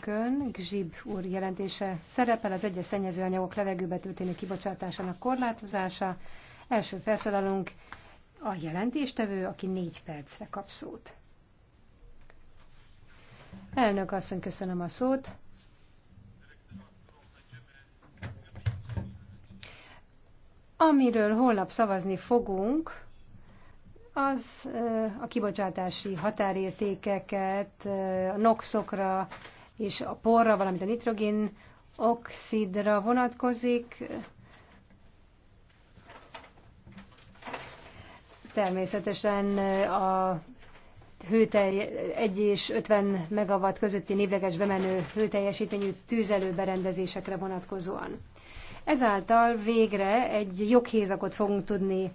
napirendünkön Gzsib úr jelentése szerepel az egyes szennyezőanyagok levegőbe történő kibocsátásának korlátozása. Első felszólalunk a jelentéstevő, aki négy percre kap szót. Elnök asszony, köszönöm a szót. Amiről holnap szavazni fogunk, az a kibocsátási határértékeket, a NOx-okra és a porra, valamint a nitrogén oxidra vonatkozik. Természetesen a hőtelj, 1 és 50 megawatt közötti névleges bemenő hőteljesítményű tűzelőberendezésekre vonatkozóan. Ezáltal végre egy joghézakot fogunk tudni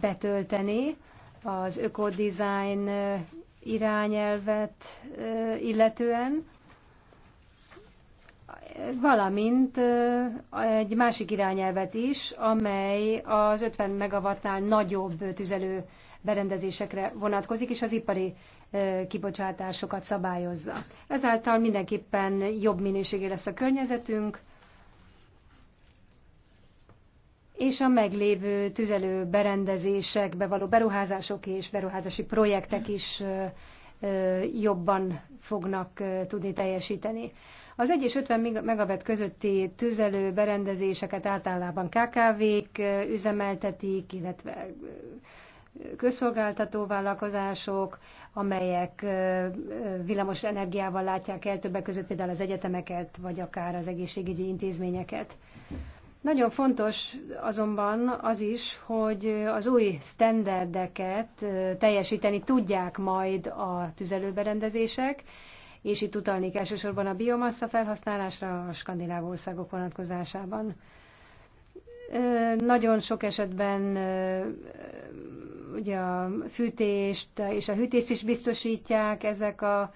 betölteni az ökodizájn irányelvet illetően, valamint egy másik irányelvet is, amely az 50 megawattnál nagyobb tüzelő berendezésekre vonatkozik, és az ipari kibocsátásokat szabályozza. Ezáltal mindenképpen jobb minőségé lesz a környezetünk, és a meglévő tüzelő berendezésekbe való beruházások és beruházási projektek is jobban fognak tudni teljesíteni. Az 1 és 50 megawatt közötti tüzelő berendezéseket általában KKV-k üzemeltetik, illetve közszolgáltató vállalkozások, amelyek villamos energiával látják el többek között például az egyetemeket, vagy akár az egészségügyi intézményeket. Nagyon fontos azonban az is, hogy az új sztenderdeket teljesíteni tudják majd a tüzelőberendezések, és itt utalnék elsősorban a biomassa felhasználásra a skandináv országok vonatkozásában. Nagyon sok esetben ugye a fűtést és a hűtést is biztosítják ezek a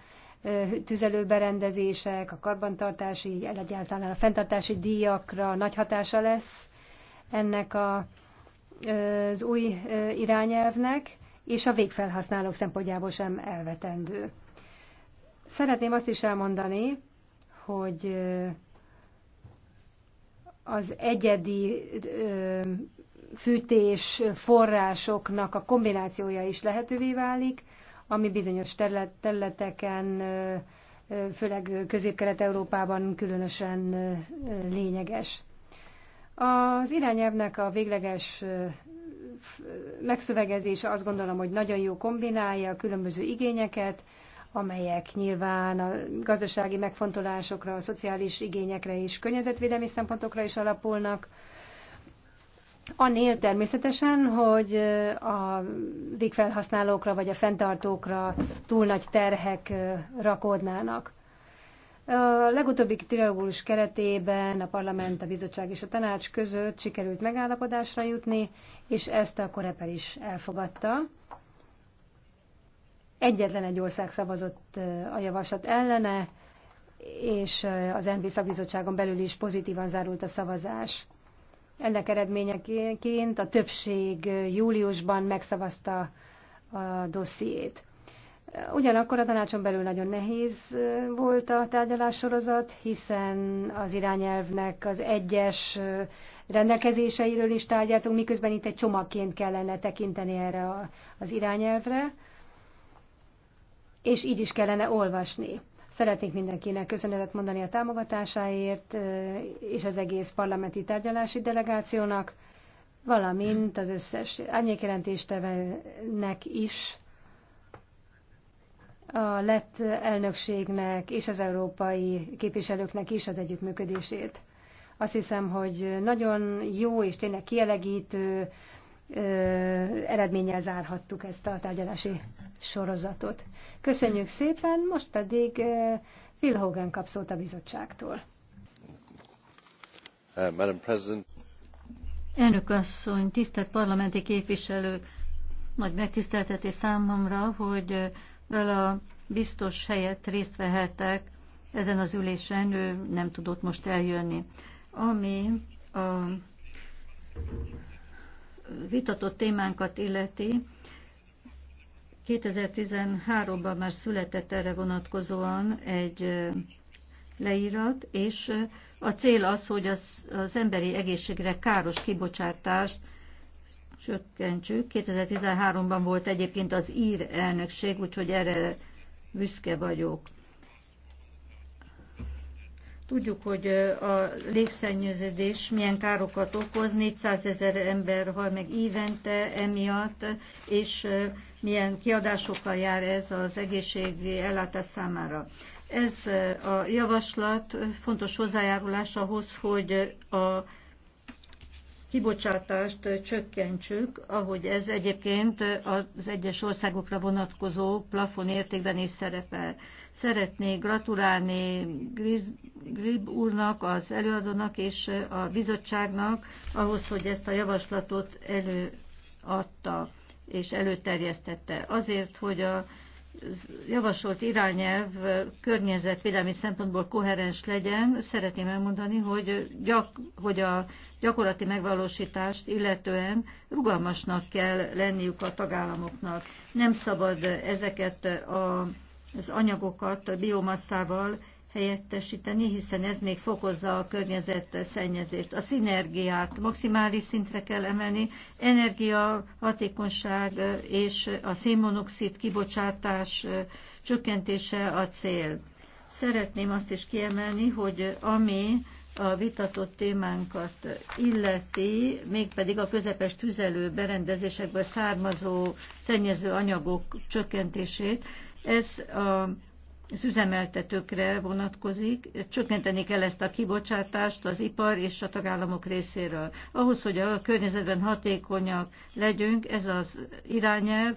tüzelőberendezések, a karbantartási, egyáltalán a fenntartási díjakra nagy hatása lesz ennek a, az új irányelvnek, és a végfelhasználók szempontjából sem elvetendő. Szeretném azt is elmondani, hogy az egyedi fűtés forrásoknak a kombinációja is lehetővé válik, ami bizonyos területeken, főleg Közép-Kelet-Európában különösen lényeges. Az irányelvnek a végleges megszövegezése azt gondolom, hogy nagyon jó kombinálja a különböző igényeket, amelyek nyilván a gazdasági megfontolásokra, a szociális igényekre és környezetvédelmi szempontokra is alapulnak. Annél természetesen, hogy a végfelhasználókra vagy a fenntartókra túl nagy terhek rakódnának. A legutóbbi trilógus keretében a parlament, a bizottság és a tanács között sikerült megállapodásra jutni, és ezt a Koreper is elfogadta. Egyetlen egy ország szavazott a javaslat ellene, és az NB szakbizottságon belül is pozitívan zárult a szavazás. Ennek eredményeként a többség júliusban megszavazta a dossziét. Ugyanakkor a tanácson belül nagyon nehéz volt a tárgyalássorozat, hiszen az irányelvnek az egyes rendelkezéseiről is tárgyaltunk, miközben itt egy csomagként kellene tekinteni erre az irányelvre és így is kellene olvasni. Szeretnék mindenkinek köszönetet mondani a támogatásáért, és az egész parlamenti tárgyalási delegációnak, valamint az összes árnyékjelentéstevenek is, a lett elnökségnek és az európai képviselőknek is az együttműködését. Azt hiszem, hogy nagyon jó és tényleg kielegítő eredménnyel zárhattuk ezt a tárgyalási sorozatot. Köszönjük szépen, most pedig Phil Hogan kap szót a bizottságtól. Uh, President. Elnök asszony, tisztelt parlamenti képviselők! Nagy megtiszteltetés számomra, hogy vele a biztos helyett részt vehetek ezen az ülésen, ő nem tudott most eljönni. Ami a vitatott témánkat illeti, 2013-ban már született erre vonatkozóan egy leírat, és a cél az, hogy az, az emberi egészségre káros kibocsátást csökkentsük. 2013-ban volt egyébként az ír elnökség, úgyhogy erre büszke vagyok. Tudjuk, hogy a légszennyeződés milyen károkat okoz, 400 ezer ember hal meg évente emiatt, és milyen kiadásokkal jár ez az egészségi ellátás számára. Ez a javaslat fontos hozzájárulás ahhoz, hogy a kibocsátást csökkentsük, ahogy ez egyébként az egyes országokra vonatkozó plafon értékben is szerepel. Szeretnék gratulálni Grib úrnak, az előadónak és a bizottságnak ahhoz, hogy ezt a javaslatot előadta és előterjesztette. Azért, hogy a javasolt irányelv környezetvédelmi szempontból koherens legyen, szeretném elmondani, hogy, gyak, hogy a gyakorlati megvalósítást illetően rugalmasnak kell lenniük a tagállamoknak. Nem szabad ezeket az anyagokat biomasszával helyettesíteni, hiszen ez még fokozza a környezet szennyezést. A szinergiát maximális szintre kell emelni, energia, hatékonyság és a szénmonoxid kibocsátás csökkentése a cél. Szeretném azt is kiemelni, hogy ami a vitatott témánkat illeti, mégpedig a közepes tüzelő berendezésekből származó szennyező anyagok csökkentését. Ez a az üzemeltetőkre vonatkozik. Csökkenteni kell ezt a kibocsátást az ipar és a tagállamok részéről. Ahhoz, hogy a környezetben hatékonyak legyünk, ez az irányelv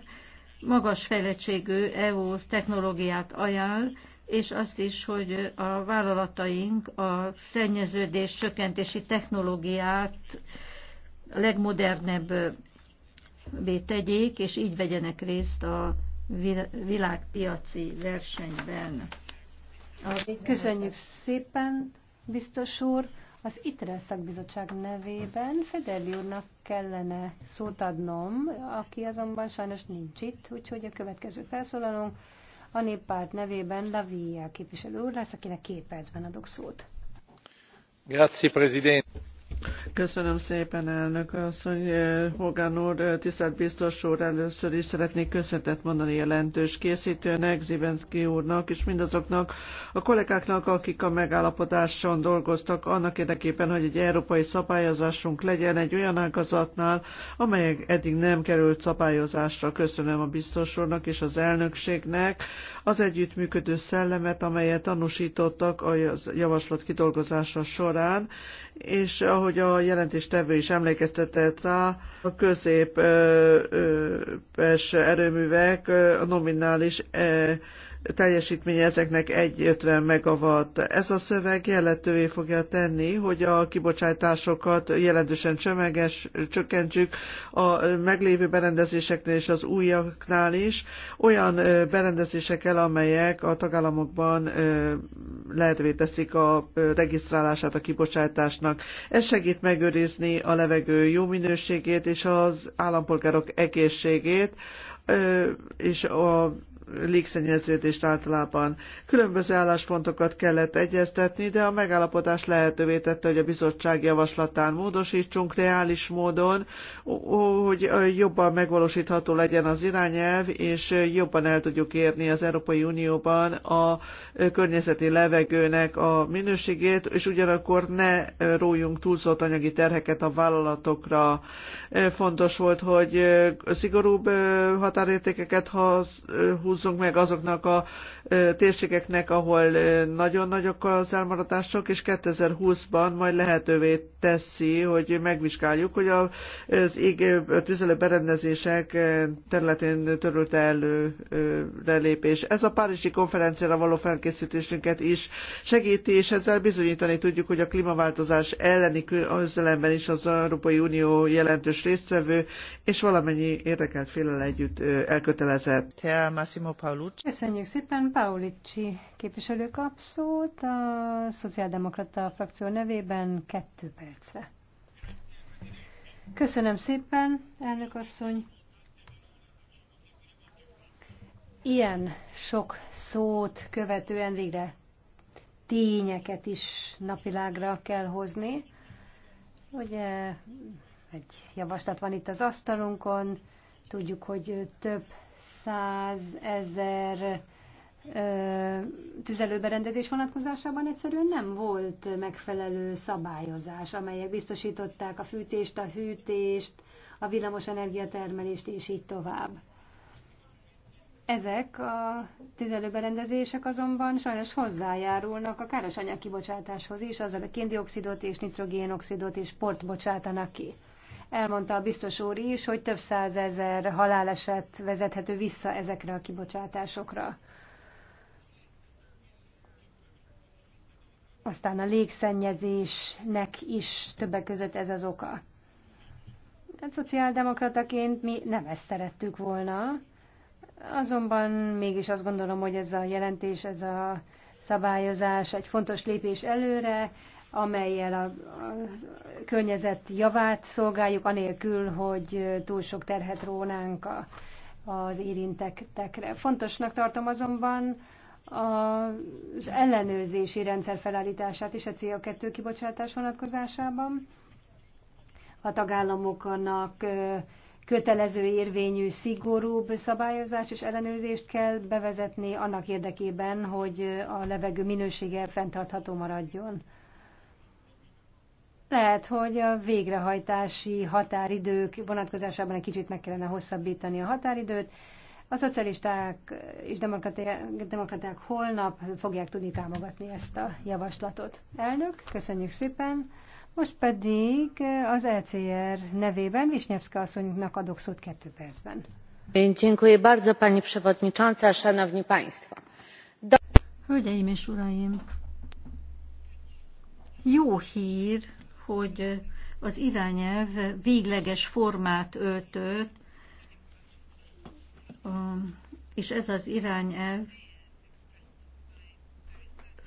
magas fejlettségű EU technológiát ajánl, és azt is, hogy a vállalataink a szennyeződés csökkentési technológiát a legmodernebb tegyék, és így vegyenek részt a világpiaci versenyben. Köszönjük szépen, biztos úr! Az ITRE szakbizottság nevében Federli úrnak kellene szót adnom, aki azonban sajnos nincs itt, úgyhogy a következő felszólalónk a néppárt nevében Lavia képviselő úr lesz, akinek két percben adok szót. Grazie, Presidente. Köszönöm szépen, elnök asszony. Eh, Hogan úr, eh, tisztelt biztos úr, először is szeretnék köszönetet mondani jelentős készítőnek, Zivenszki úrnak, és mindazoknak a kollégáknak, akik a megállapodáson dolgoztak, annak érdekében, hogy egy európai szabályozásunk legyen egy olyan ágazatnál, amely eddig nem került szabályozásra. Köszönöm a biztos úrnak és az elnökségnek az együttműködő szellemet, amelyet tanúsítottak a javaslat kidolgozása során, és ahogy a jelentéstevő is emlékeztetett rá, a középes erőművek a nominális teljesítménye ezeknek 1,50 megawatt. Ez a szöveg jelentővé fogja tenni, hogy a kibocsátásokat jelentősen csömeges, csökkentsük a meglévő berendezéseknél és az újaknál is, olyan berendezésekkel, amelyek a tagállamokban lehetővé teszik a regisztrálását a kibocsátásnak. Ez segít megőrizni a levegő jó minőségét és az állampolgárok egészségét, és a légszennyeződést általában. Különböző álláspontokat kellett egyeztetni, de a megállapodás lehetővé tette, hogy a bizottság javaslatán módosítsunk reális módon, hogy jobban megvalósítható legyen az irányelv, és jobban el tudjuk érni az Európai Unióban a környezeti levegőnek a minőségét, és ugyanakkor ne rójunk túlzott anyagi terheket a vállalatokra. Fontos volt, hogy szigorúbb határértékeket húzzunk, húzzunk meg azoknak a térségeknek, ahol nagyon nagyok az elmaradások, és 2020-ban majd lehetővé teszi, hogy megvizsgáljuk, hogy az ég tüzelő berendezések területén törölte előrelépés. Ez a Párizsi konferenciára való felkészítésünket is segíti, és ezzel bizonyítani tudjuk, hogy a klímaváltozás elleni közelemben is az Európai Unió jelentős résztvevő, és valamennyi érdekelt félel együtt elkötelezett. Te Massimo Massimo Paolucci. Köszönjük szépen, Paolucci képviselő kap szót a Szociáldemokrata frakció nevében kettő percre. Köszönöm szépen, elnök asszony. Ilyen sok szót követően végre tényeket is napilágra kell hozni. Ugye egy javaslat van itt az asztalunkon, tudjuk, hogy több ezer tüzelőberendezés vonatkozásában egyszerűen nem volt megfelelő szabályozás, amelyek biztosították a fűtést, a hűtést, a villamos energiatermelést és így tovább. Ezek a tüzelőberendezések azonban sajnos hozzájárulnak a káros anyagkibocsátáshoz is, azzal a kéndioxidot és nitrogénoxidot és port bocsátanak ki. Elmondta a biztos úr is, hogy több százezer haláleset vezethető vissza ezekre a kibocsátásokra. Aztán a légszennyezésnek is többek között ez az oka. A hát szociáldemokrataként mi nem ezt szerettük volna, azonban mégis azt gondolom, hogy ez a jelentés, ez a szabályozás egy fontos lépés előre, amelyel a, környezet javát szolgáljuk, anélkül, hogy túl sok terhet rónánk a, az érintettekre. Fontosnak tartom azonban az ellenőrzési rendszer felállítását is a CO2 kibocsátás vonatkozásában. A tagállamoknak kötelező érvényű, szigorúbb szabályozás és ellenőrzést kell bevezetni annak érdekében, hogy a levegő minősége fenntartható maradjon. Lehet, hogy a végrehajtási határidők vonatkozásában egy kicsit meg kellene hosszabbítani a határidőt. A szocialisták és demokraták, demokraták holnap fogják tudni támogatni ezt a javaslatot. Elnök, köszönjük szépen. Most pedig az ECR nevében Visnyevszka asszonynak adok szót kettő percben. Dziękuję bardzo, pani przewodnicząca, szanowni państwo. Hölgyeim és uraim! Jó hír, hogy az irányelv végleges formát öltött, és ez az irányelv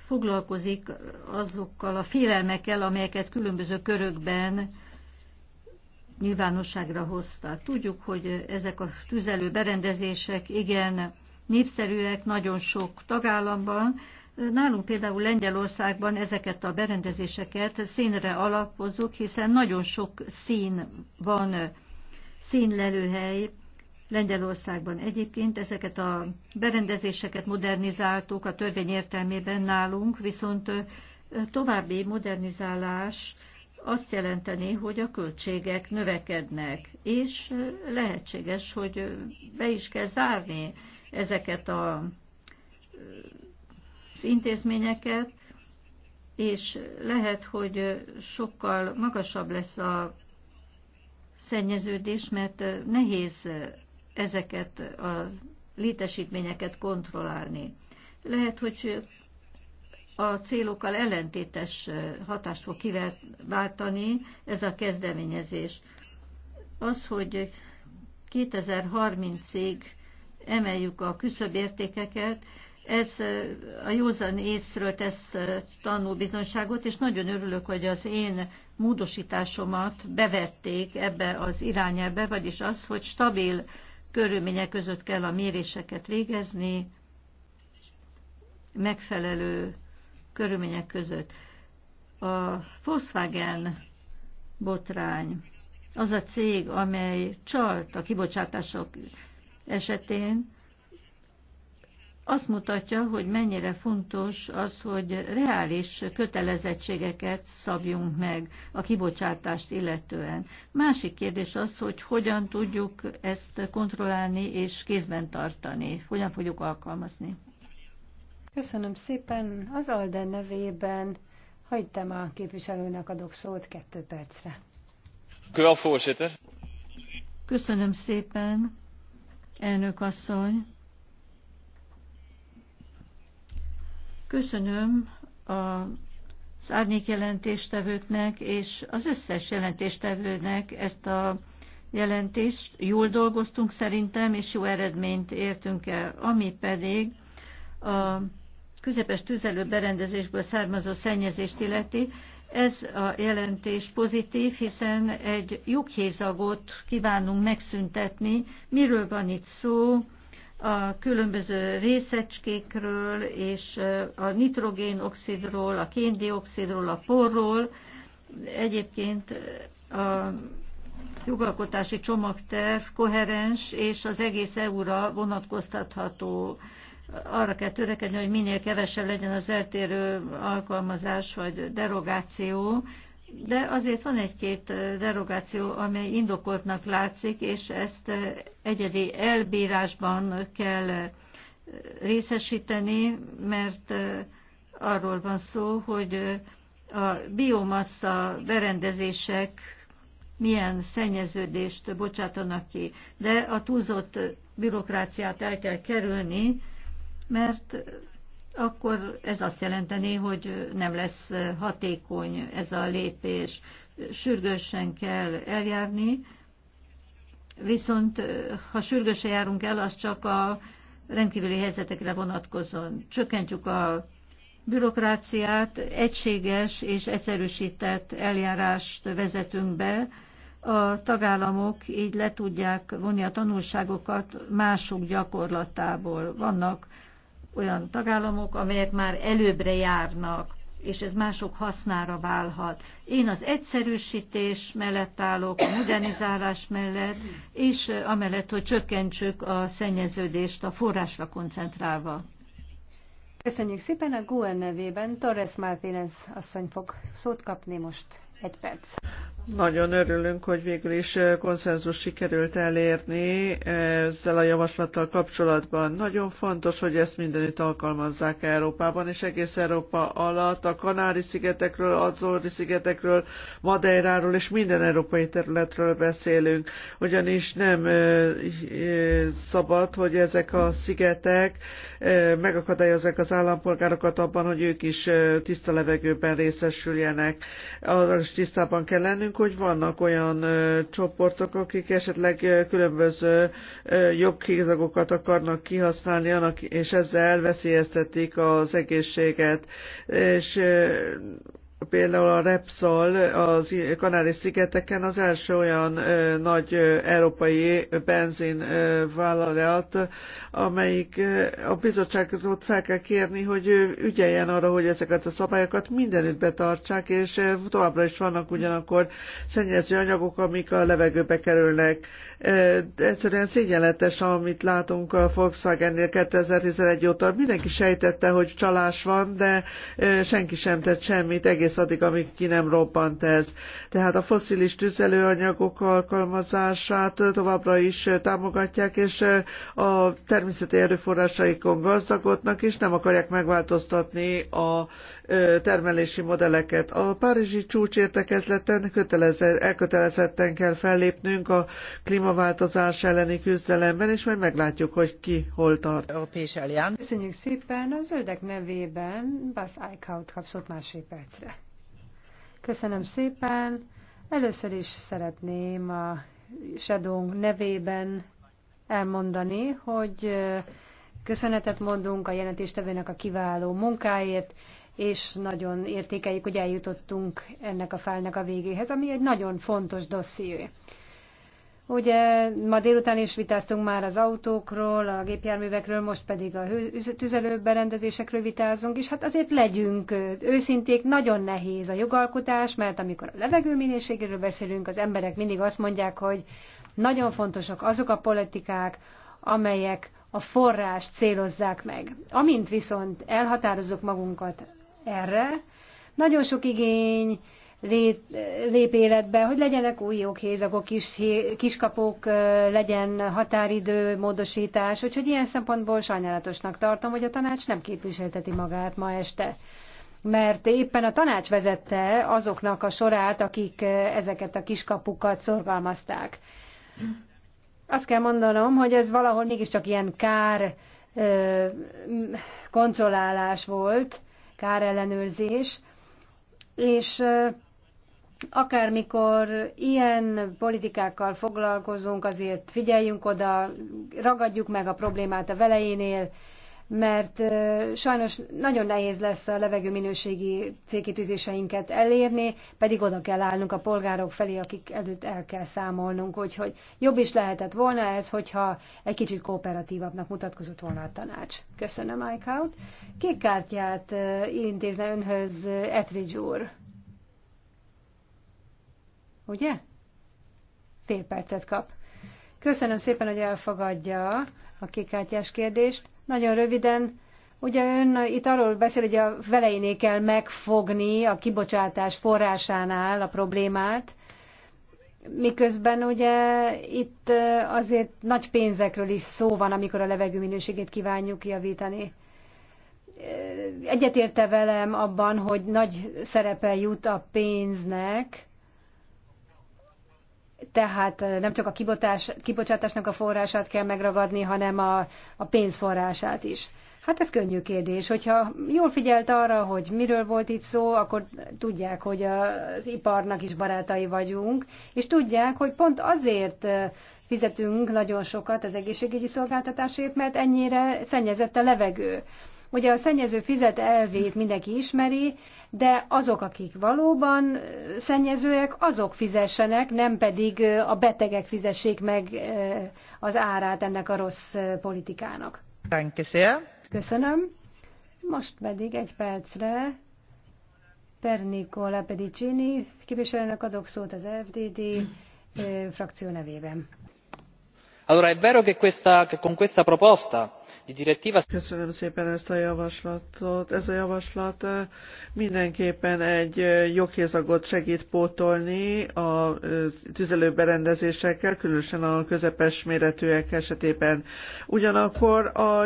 foglalkozik azokkal a félelmekkel, amelyeket különböző körökben nyilvánosságra hozta. Tudjuk, hogy ezek a tüzelő berendezések igen népszerűek nagyon sok tagállamban, Nálunk például Lengyelországban ezeket a berendezéseket színre alapozzuk, hiszen nagyon sok szín van, színlelőhely Lengyelországban egyébként. Ezeket a berendezéseket modernizáltuk a törvény értelmében nálunk, viszont további modernizálás azt jelenteni, hogy a költségek növekednek, és lehetséges, hogy be is kell zárni ezeket a intézményeket, és lehet, hogy sokkal magasabb lesz a szennyeződés, mert nehéz ezeket a létesítményeket kontrollálni. Lehet, hogy a célokkal ellentétes hatást fog kiváltani ez a kezdeményezés. Az, hogy 2030-ig emeljük a küszöbértékeket, ez a józan észről tesz tanulbizonságot, és nagyon örülök, hogy az én módosításomat bevették ebbe az irányába, vagyis az, hogy stabil körülmények között kell a méréseket végezni, megfelelő körülmények között. A Volkswagen botrány az a cég, amely csalt a kibocsátások esetén, azt mutatja, hogy mennyire fontos az, hogy reális kötelezettségeket szabjunk meg a kibocsátást illetően. Másik kérdés az, hogy hogyan tudjuk ezt kontrollálni és kézben tartani, hogyan fogjuk alkalmazni. Köszönöm szépen. Az Alden nevében hagytam a képviselőnek adok szót kettő percre. Köszönöm szépen, elnök asszony. Köszönöm a az árnyék jelentéstevőknek és az összes jelentéstevőnek ezt a jelentést. Jól dolgoztunk szerintem, és jó eredményt értünk el. Ami pedig a közepes tüzelő berendezésből származó szennyezést illeti, ez a jelentés pozitív, hiszen egy lyukhézagot kívánunk megszüntetni. Miről van itt szó? a különböző részecskékről és a nitrogénoxidról, a kéndioxidról, a porról. Egyébként a jogalkotási csomagterv koherens és az egész EU-ra vonatkoztatható. Arra kell törekedni, hogy minél kevesebb legyen az eltérő alkalmazás vagy derogáció de azért van egy-két derogáció, amely indokoltnak látszik, és ezt egyedi elbírásban kell részesíteni, mert arról van szó, hogy a biomassa berendezések milyen szennyeződést bocsátanak ki. De a túlzott bürokráciát el kell kerülni, mert akkor ez azt jelenteni, hogy nem lesz hatékony ez a lépés. Sürgősen kell eljárni, viszont ha sürgősen járunk el, az csak a rendkívüli helyzetekre vonatkozóan. Csökkentjük a bürokráciát, egységes és egyszerűsített eljárást vezetünk be, a tagállamok így le tudják vonni a tanulságokat mások gyakorlatából. Vannak olyan tagállamok, amelyek már előbbre járnak, és ez mások hasznára válhat. Én az egyszerűsítés mellett állok, a modernizálás mellett, és amellett, hogy csökkentsük a szennyeződést a forrásra koncentrálva. Köszönjük szépen a GUN nevében. Torres Martínez asszony fog szót kapni most egy perc. Nagyon örülünk, hogy végül is konszenzus sikerült elérni ezzel a javaslattal kapcsolatban. Nagyon fontos, hogy ezt mindenit alkalmazzák Európában, és egész Európa alatt a Kanári-szigetekről, Azori-szigetekről, Madeiráról és minden európai területről beszélünk. Ugyanis nem szabad, hogy ezek a szigetek megakadályozzák az állampolgárokat abban, hogy ők is tiszta levegőben részesüljenek. Arra is tisztában kell lennünk, beszélünk, hogy vannak olyan ö, csoportok, akik esetleg ö, különböző jogkézagokat akarnak kihasználni, annak, és ezzel veszélyeztetik az egészséget. És ö, például a Repsol az Kanári-szigeteken az első olyan ö, nagy ö, európai vállalat, amelyik ö, a bizottságot fel kell kérni, hogy ö, ügyeljen arra, hogy ezeket a szabályokat mindenütt betartsák, és ö, továbbra is vannak ugyanakkor szennyező anyagok, amik a levegőbe kerülnek. Ö, egyszerűen szégyenletes, amit látunk a Volkswagennél 2011 óta. Mindenki sejtette, hogy csalás van, de senki sem tett semmit egész addig, amíg ki nem robbant ez. Tehát a foszilis tüzelőanyagok alkalmazását továbbra is támogatják, és a természeti erőforrásaikon gazdagodnak, és nem akarják megváltoztatni a termelési modelleket. A párizsi csúcs értekezleten elkötelezetten kell fellépnünk a klímaváltozás elleni küzdelemben, és majd meglátjuk, hogy ki hol tart. Köszönjük szépen a zöldek nevében, Bas Eichhout kapszott másfél Köszönöm szépen. Először is szeretném a Shadow nevében elmondani, hogy köszönetet mondunk a jelentéstevőnek a kiváló munkáért, és nagyon értékeljük, hogy eljutottunk ennek a fájlnak a végéhez, ami egy nagyon fontos dosszié. Ugye ma délután is vitáztunk már az autókról, a gépjárművekről, most pedig a tüzelőberendezésekről vitázunk, és hát azért legyünk őszinték, nagyon nehéz a jogalkotás, mert amikor a levegő minőségéről beszélünk, az emberek mindig azt mondják, hogy nagyon fontosak azok a politikák, amelyek a forrást célozzák meg. Amint viszont elhatározzuk magunkat erre. Nagyon sok igény lép életbe, hogy legyenek új joghézagok, kis, kiskapok, legyen határidő, módosítás, úgyhogy ilyen szempontból sajnálatosnak tartom, hogy a tanács nem képviselteti magát ma este mert éppen a tanács vezette azoknak a sorát, akik ezeket a kiskapukat szorgalmazták. Azt kell mondanom, hogy ez valahol mégiscsak ilyen kár kontrollálás volt, kárellenőrzés, és akármikor ilyen politikákkal foglalkozunk, azért figyeljünk oda, ragadjuk meg a problémát a velejénél, mert sajnos nagyon nehéz lesz a levegőminőségi célkitűzéseinket elérni, pedig oda kell állnunk a polgárok felé, akik előtt el kell számolnunk, úgyhogy jobb is lehetett volna ez, hogyha egy kicsit kooperatívabbnak mutatkozott volna a tanács. Köszönöm, Eichhout. Kék kártyát intézne önhöz Etridge úr. Ugye? Fél percet kap. Köszönöm szépen, hogy elfogadja a kékkártyás kérdést. Nagyon röviden, ugye ön itt arról beszél, hogy a velejénél kell megfogni a kibocsátás forrásánál a problémát, miközben ugye itt azért nagy pénzekről is szó van, amikor a levegő minőségét kívánjuk javítani egyetérte velem abban, hogy nagy szerepe jut a pénznek, tehát nem csak a kibotás, kibocsátásnak a forrását kell megragadni, hanem a, a pénzforrását is. Hát ez könnyű kérdés. Hogyha jól figyelt arra, hogy miről volt itt szó, akkor tudják, hogy az iparnak is barátai vagyunk, és tudják, hogy pont azért fizetünk nagyon sokat az egészségügyi szolgáltatásért, mert ennyire szennyezett a levegő. Ugye a szennyező fizet elvét mindenki ismeri, de azok, akik valóban szennyezőek, azok fizessenek, nem pedig a betegek fizessék meg az árát ennek a rossz politikának. Köszönöm. Most pedig egy percre Pernicola Pedicini képviselőnek adok szót az FDD frakció nevében. Allora è vero che questa, con questa proposta Köszönöm szépen ezt a javaslatot. Ez a javaslat eh, mindenképpen egy eh, joghézagot segít pótolni a eh, tüzelőberendezésekkel, különösen a közepes méretűek esetében. Ugyanakkor a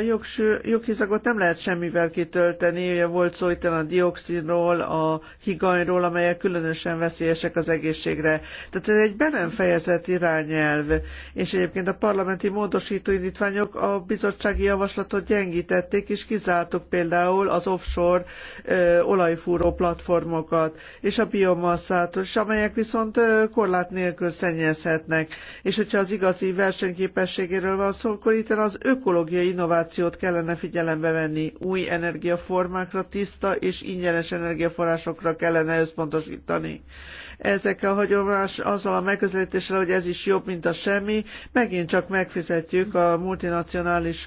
joghézagot nem lehet semmivel kitölteni, ugye volt szó itt a dioxinról, a higanyról, amelyek különösen veszélyesek az egészségre. Tehát ez egy be nem fejezett irányelv, és egyébként a parlamenti módosító indítványok a bizottsági javaslat javaslatot gyengítették, és kizártuk például az offshore olajfúró platformokat, és a biomasszát, és amelyek viszont korlát nélkül szennyezhetnek. És hogyha az igazi versenyképességéről van szó, akkor itt az ökológiai innovációt kellene figyelembe venni. Új energiaformákra, tiszta és ingyenes energiaforrásokra kellene összpontosítani. Ezek a hagyomás azzal a megközelítéssel, hogy ez is jobb, mint a semmi, megint csak megfizetjük a multinacionális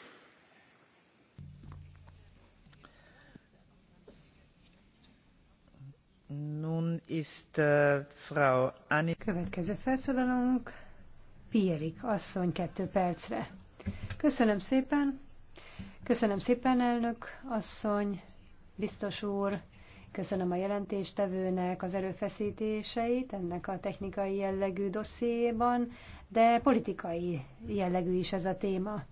ist äh, Frau Anni. Következő felszólalónk Pierik asszony kettő percre. Köszönöm szépen. Köszönöm szépen, elnök asszony, biztos úr. Köszönöm a jelentéstevőnek az erőfeszítéseit ennek a technikai jellegű dossziéban, de politikai jellegű is ez a téma.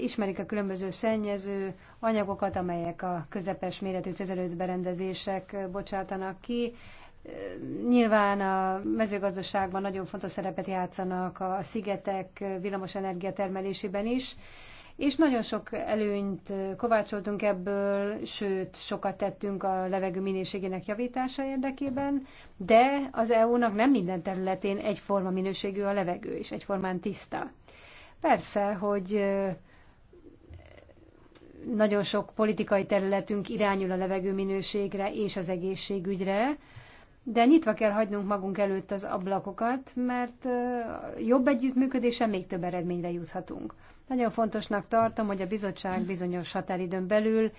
Ismerik a különböző szennyező anyagokat, amelyek a közepes méretű tüzelőt berendezések bocsátanak ki. Nyilván a mezőgazdaságban nagyon fontos szerepet játszanak a szigetek villamosenergia termelésében is, és nagyon sok előnyt kovácsoltunk ebből, sőt, sokat tettünk a levegő minőségének javítása érdekében, de az EU-nak nem minden területén egyforma minőségű a levegő, és egyformán tiszta. Persze, hogy nagyon sok politikai területünk irányul a levegő minőségre és az egészségügyre, de nyitva kell hagynunk magunk előtt az ablakokat, mert jobb együttműködése még több eredményre juthatunk. Nagyon fontosnak tartom, hogy a bizottság bizonyos határidőn belül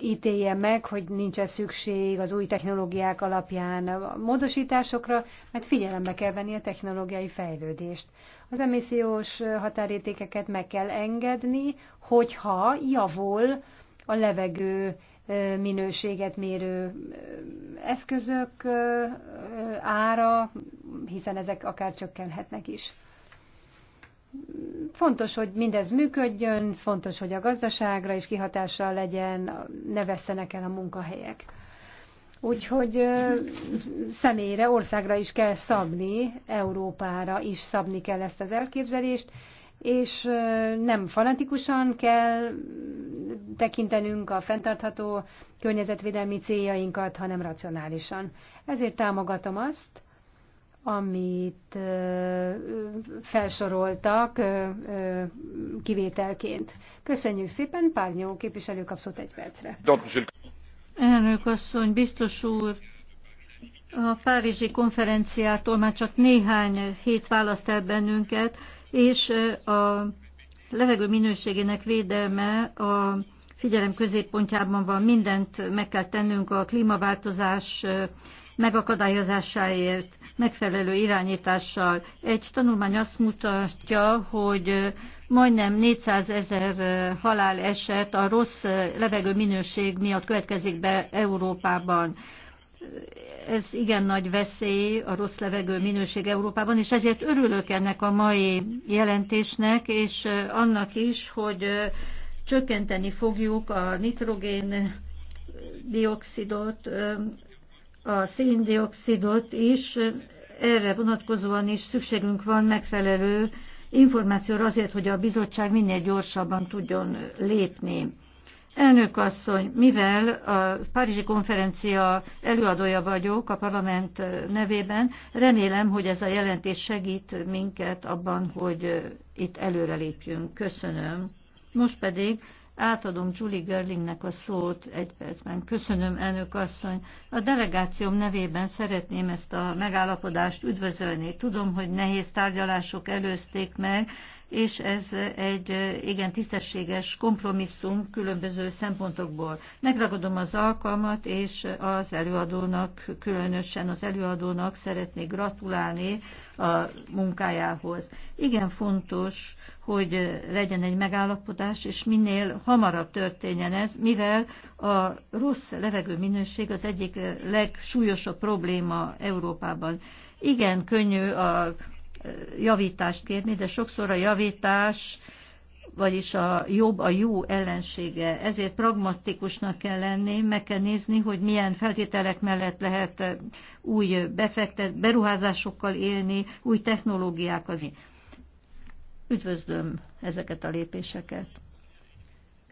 ítélje meg, hogy nincs -e szükség az új technológiák alapján a módosításokra, mert figyelembe kell venni a technológiai fejlődést. Az emissziós határértékeket meg kell engedni, hogyha javul a levegő minőséget mérő eszközök ára, hiszen ezek akár csökkenhetnek is. Fontos, hogy mindez működjön, fontos, hogy a gazdaságra is kihatással legyen, ne vesztenek el a munkahelyek. Úgyhogy személyre, országra is kell szabni, Európára is szabni kell ezt az elképzelést, és nem fanatikusan kell tekintenünk a fenntartható környezetvédelmi céljainkat, hanem racionálisan. Ezért támogatom azt, amit felsoroltak kivételként. Köszönjük szépen, Párnyó képviselő kapszott egy percre. Elnök asszony, biztos úr, a Párizsi konferenciától már csak néhány hét választ el bennünket, és a levegő minőségének védelme a figyelem középpontjában van. Mindent meg kell tennünk a klímaváltozás megakadályozásáért, megfelelő irányítással. Egy tanulmány azt mutatja, hogy majdnem 400 ezer haláleset a rossz levegő minőség miatt következik be Európában ez igen nagy veszély, a rossz levegő minőség Európában, és ezért örülök ennek a mai jelentésnek, és annak is, hogy csökkenteni fogjuk a nitrogén dioxidot, a széndiokszidot is, erre vonatkozóan is szükségünk van megfelelő információra azért, hogy a bizottság minél gyorsabban tudjon lépni. Elnök asszony, mivel a Párizsi konferencia előadója vagyok a parlament nevében, remélem, hogy ez a jelentés segít minket abban, hogy itt előrelépjünk. Köszönöm. Most pedig átadom Julie Görlingnek a szót egy percben. Köszönöm, elnök asszony. A delegációm nevében szeretném ezt a megállapodást üdvözölni. Tudom, hogy nehéz tárgyalások előzték meg, és ez egy igen tisztességes kompromisszum különböző szempontokból. Megragadom az alkalmat, és az előadónak, különösen az előadónak szeretnék gratulálni a munkájához. Igen fontos, hogy legyen egy megállapodás, és minél hamarabb történjen ez, mivel a rossz levegő minőség az egyik legsúlyosabb probléma Európában. Igen könnyű a javítást kérni, de sokszor a javítás, vagyis a jobb a jó ellensége. Ezért pragmatikusnak kell lenni, meg kell nézni, hogy milyen feltételek mellett lehet eh, új befektet, beruházásokkal élni, új technológiákat. Üdvözlöm ezeket a lépéseket.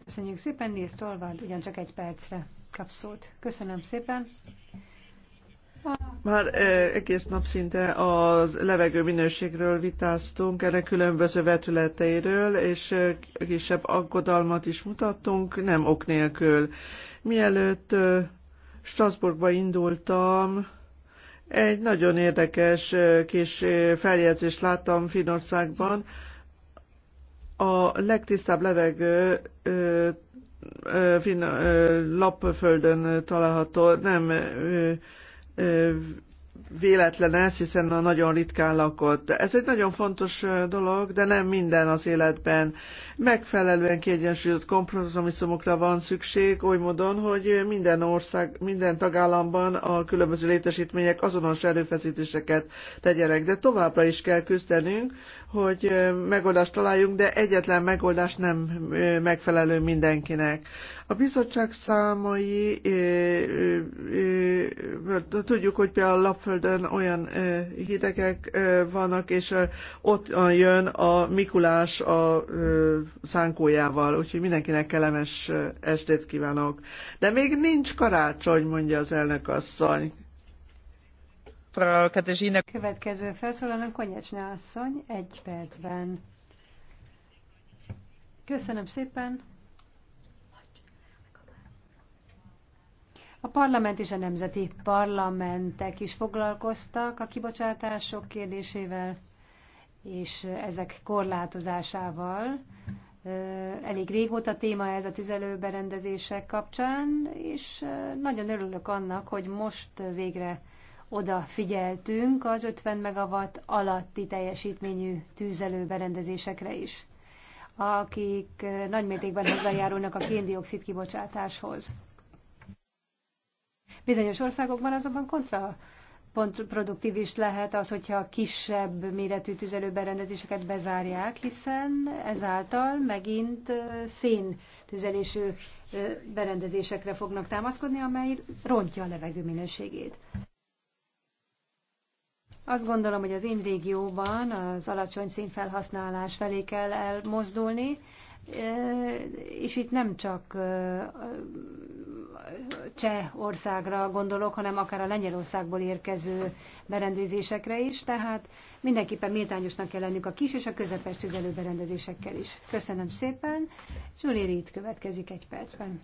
Köszönjük szépen, nézd Tolvard, ugyancsak egy percre kapszót. Köszönöm szépen. Már egész nap szinte a levegő minőségről vitáztunk, erre különböző vetületeiről, és kisebb aggodalmat is mutattunk, nem ok nélkül. Mielőtt Strasbourgba indultam, egy nagyon érdekes kis feljegyzést láttam Finországban. A legtisztább levegő Lapföldön található, nem véletlen ez, hiszen a nagyon ritkán lakott. Ez egy nagyon fontos dolog, de nem minden az életben. Megfelelően kiegyensúlyozott kompromisszumokra van szükség, oly módon, hogy minden ország, minden tagállamban a különböző létesítmények azonos erőfeszítéseket tegyenek, de továbbra is kell küzdenünk, hogy megoldást találjunk, de egyetlen megoldás nem megfelelő mindenkinek. A bizottság számai, tudjuk, hogy például Lapföldön olyan hidegek vannak, és ott jön a Mikulás a szánkójával, úgyhogy mindenkinek kellemes estét kívánok. De még nincs karácsony, mondja az elnök asszony. A Következő felszólalom Konyecsne asszony, egy percben. Köszönöm szépen. A parlament és a nemzeti parlamentek is foglalkoztak a kibocsátások kérdésével, és ezek korlátozásával. Elég régóta téma ez a tüzelőberendezések kapcsán, és nagyon örülök annak, hogy most végre odafigyeltünk az 50 megawatt alatti teljesítményű tűzelő berendezésekre is, akik eh, nagymértékben hozzájárulnak a kéndiokszid kibocsátáshoz. Bizonyos országokban azonban kontra produktív is lehet az, hogyha kisebb méretű tüzelőberendezéseket bezárják, hiszen ezáltal megint eh, szén tüzelésű eh, berendezésekre fognak támaszkodni, amely rontja a levegő minőségét. Azt gondolom, hogy az én régióban az alacsony színfelhasználás felé kell elmozdulni, eh, és itt nem csak eh, cseh országra gondolok, hanem akár a Lengyelországból érkező berendezésekre is, tehát mindenképpen méltányosnak kell lennünk a kis és a közepes berendezésekkel is. Köszönöm szépen, Zsuli Rít következik egy percben.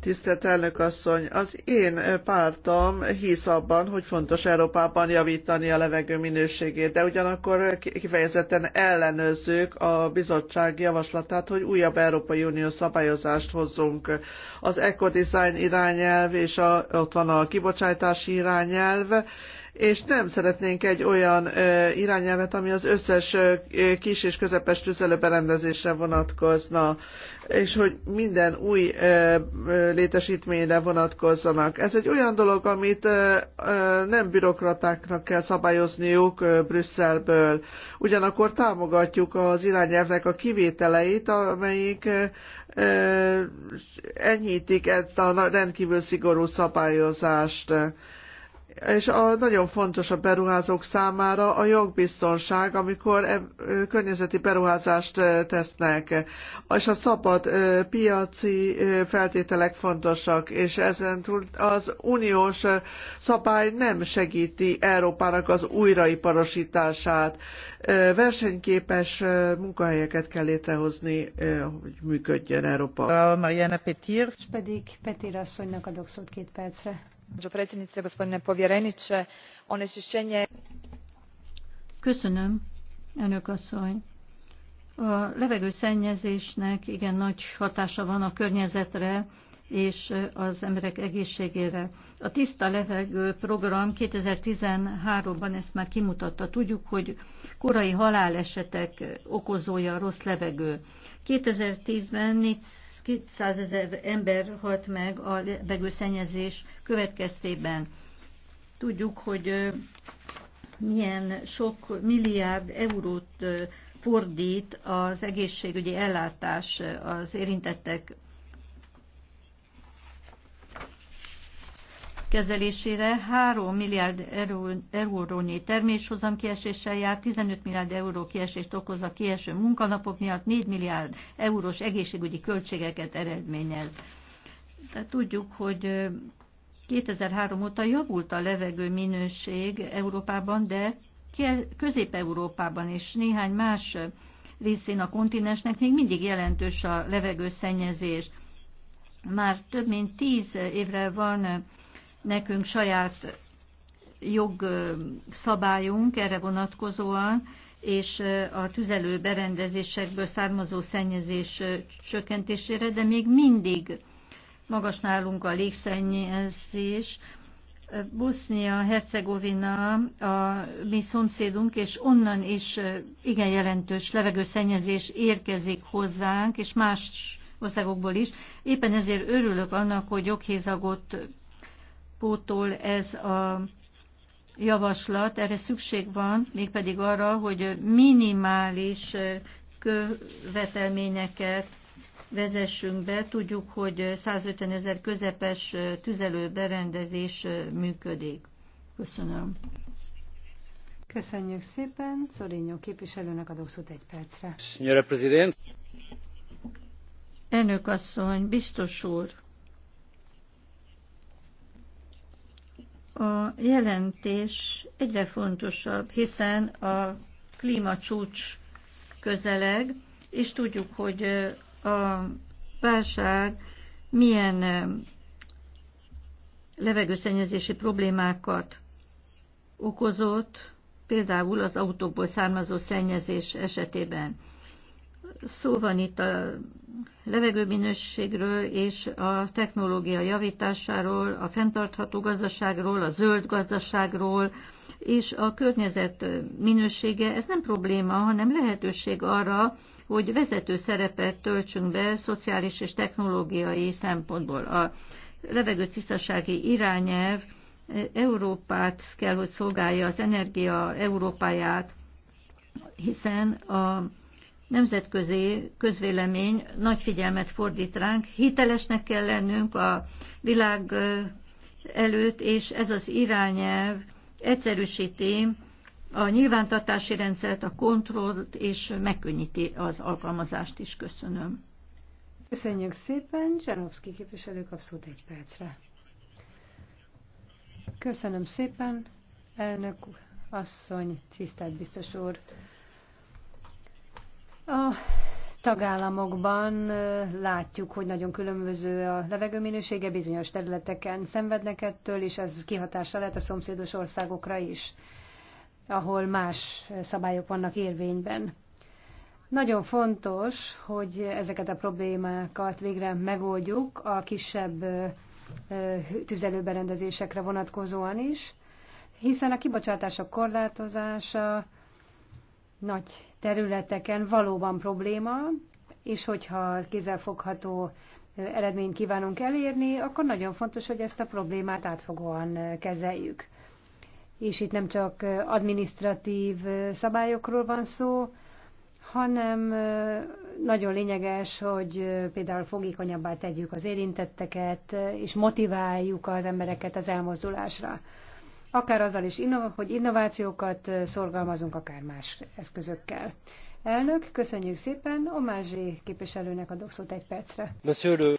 Tisztelt elnök asszony, az én pártom hisz abban, hogy fontos Európában javítani a levegő minőségét, de ugyanakkor kifejezetten ellenőrzők a bizottság javaslatát, hogy újabb Európai Unió szabályozást hozzunk. Az ecodesign irányelv és ott van a kibocsátási irányelv, és nem szeretnénk egy olyan irányelvet, ami az összes kis és közepes tüzelőberendezésre vonatkozna, és hogy minden új létesítményre vonatkozzanak. Ez egy olyan dolog, amit nem bürokratáknak kell szabályozniuk Brüsszelből. Ugyanakkor támogatjuk az irányelvnek a kivételeit, amelyik enyhítik ezt a rendkívül szigorú szabályozást és a, nagyon fontos a beruházók számára a jogbiztonság, amikor e, környezeti beruházást tesznek, és a szabad piaci feltételek fontosak, és ezen túl az uniós szabály nem segíti Európának az újraiparosítását. versenyképes munkahelyeket kell létrehozni, hogy működjön Európa. Mariana Petir. És pedig Petir asszonynak adok szót két percre gospođo predsjednice gospodine povjereniče onečišćenje. köszönöm elnök asszony a levegőszennyezésnek igen nagy hatása van a környezetre és az emberek egészségére. A Tiszta Levegő program 2013-ban ezt már kimutatta. Tudjuk, hogy korai halálesetek okozója a rossz levegő. 2010-ben 200 ezer ember halt meg a levegőszennyezés következtében. Tudjuk, hogy milyen sok milliárd eurót fordít az egészségügyi ellátás az érintettek kezelésére 3 milliárd euró, eurónyi terméshozam kieséssel jár, 15 milliárd euró kiesést okoz a kieső munkanapok miatt, 4 milliárd eurós egészségügyi költségeket eredményez. Tehát tudjuk, hogy 2003 óta javult a levegő minőség Európában, de Közép-Európában és néhány más részén a kontinensnek még mindig jelentős a levegőszennyezés. Már több mint tíz évre van nekünk saját jogszabályunk erre vonatkozóan, és a tüzelő berendezésekből származó szennyezés csökkentésére, de még mindig magas nálunk a légszennyezés. Bosznia, Hercegovina a mi szomszédunk, és onnan is igen jelentős levegőszennyezés érkezik hozzánk, és más országokból is. Éppen ezért örülök annak, hogy joghézagot pótol ez a javaslat. Erre szükség van, mégpedig arra, hogy minimális követelményeket vezessünk be. Tudjuk, hogy 150 ezer közepes tüzelőberendezés működik. Köszönöm. Köszönjük szépen. Szorinyó képviselőnek adok szót egy percre. Elnök asszony, biztos úr, A jelentés egyre fontosabb, hiszen a klímacsúcs közeleg, és tudjuk, hogy a válság milyen levegőszennyezési problémákat okozott, például az autókból származó szennyezés esetében. Szó van itt a levegőminőségről és a technológia javításáról, a fenntartható gazdaságról, a zöld gazdaságról, és a környezet minősége, ez nem probléma, hanem lehetőség arra, hogy vezető szerepet töltsünk be szociális és technológiai szempontból. A levegőtisztasági irányelv Európát kell, hogy szolgálja az energia Európáját, hiszen a nemzetközi közvélemény nagy figyelmet fordít ránk, hitelesnek kell lennünk a világ előtt, és ez az irányelv egyszerűsíti a nyilvántartási rendszert, a kontrollt, és megkönnyíti az alkalmazást is. Köszönöm. Köszönjük szépen. Zsanovszki képviselő kapszót egy percre. Köszönöm szépen, elnök asszony, tisztelt biztos úr. A tagállamokban látjuk, hogy nagyon különböző a levegőminősége, bizonyos területeken szenvednek ettől, és ez kihatással lehet a szomszédos országokra is, ahol más szabályok vannak érvényben. Nagyon fontos, hogy ezeket a problémákat végre megoldjuk a kisebb tüzelőberendezésekre vonatkozóan is, hiszen a kibocsátások korlátozása nagy területeken valóban probléma, és hogyha kézzelfogható eredményt kívánunk elérni, akkor nagyon fontos, hogy ezt a problémát átfogóan kezeljük. És itt nem csak administratív szabályokról van szó, hanem nagyon lényeges, hogy például fogékonyabbá tegyük az érintetteket, és motiváljuk az embereket az elmozdulásra akár azzal is, hogy innovációkat szorgalmazunk, akár más eszközökkel. Elnök, köszönjük szépen. Omázsé képviselőnek adok szót egy percre.